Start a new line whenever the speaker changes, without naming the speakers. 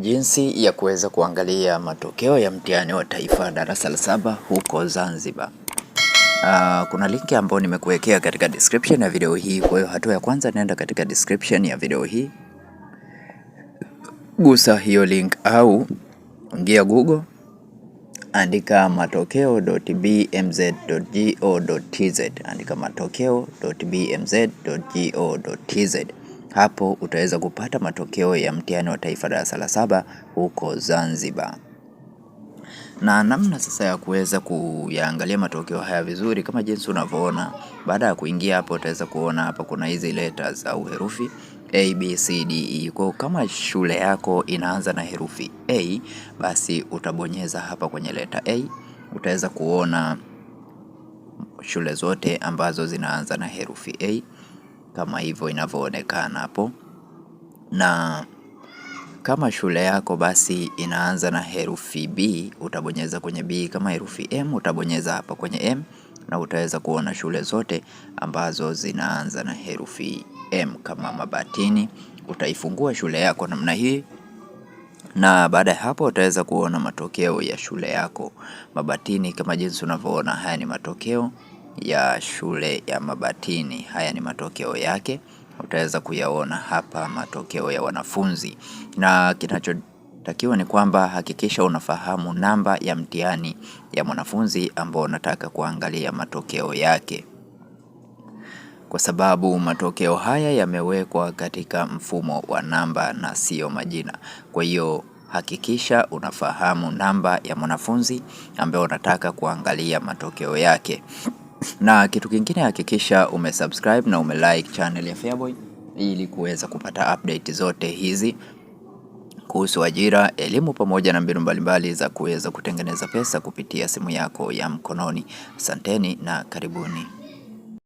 Jinsi ya kuweza kuangalia matokeo ya mtihani wa taifa darasa la saba huko Zanzibar. Uh, kuna linki ambayo nimekuwekea katika description ya video hii. Kwa hiyo hatua ya kwanza, nenda katika description ya video hii, gusa hiyo link au ingia Google, andika matokeo.bmz.go.tz, andika matokeo.bmz.go.tz. Hapo utaweza kupata matokeo ya mtihani wa taifa darasa la saba huko Zanzibar. Na namna sasa ya kuweza kuyaangalia matokeo haya vizuri kama jinsi unavyoona. Baada ya kuingia hapo, utaweza kuona hapa kuna hizi letters au herufi A, B, C, D, E. Kwa kama shule yako inaanza na herufi A, basi utabonyeza hapa kwenye leta A, utaweza kuona shule zote ambazo zinaanza na herufi A kama hivyo inavyoonekana hapo, na kama shule yako basi inaanza na herufi B, utabonyeza kwenye B. Kama herufi M, utabonyeza hapa kwenye M na utaweza kuona shule zote ambazo zinaanza na herufi M. Kama Mabatini, utaifungua shule yako namna hii na baada ya hapo utaweza kuona matokeo ya shule yako Mabatini. Kama jinsi unavyoona, haya ni matokeo ya shule ya Mabatini. Haya ni matokeo yake, utaweza kuyaona hapa matokeo ya wanafunzi, na kinachotakiwa ni kwamba hakikisha unafahamu namba ya mtihani ya mwanafunzi ambao unataka kuangalia matokeo yake, kwa sababu matokeo haya yamewekwa katika mfumo wa namba na siyo majina. Kwa hiyo hakikisha unafahamu namba ya mwanafunzi ambaye unataka kuangalia matokeo yake na kitu kingine hakikisha umesubscribe na umelike channel ya Feaboy ili kuweza kupata update zote hizi kuhusu ajira, elimu pamoja na mbinu mbalimbali za kuweza kutengeneza pesa kupitia simu yako ya mkononi. Asanteni na karibuni.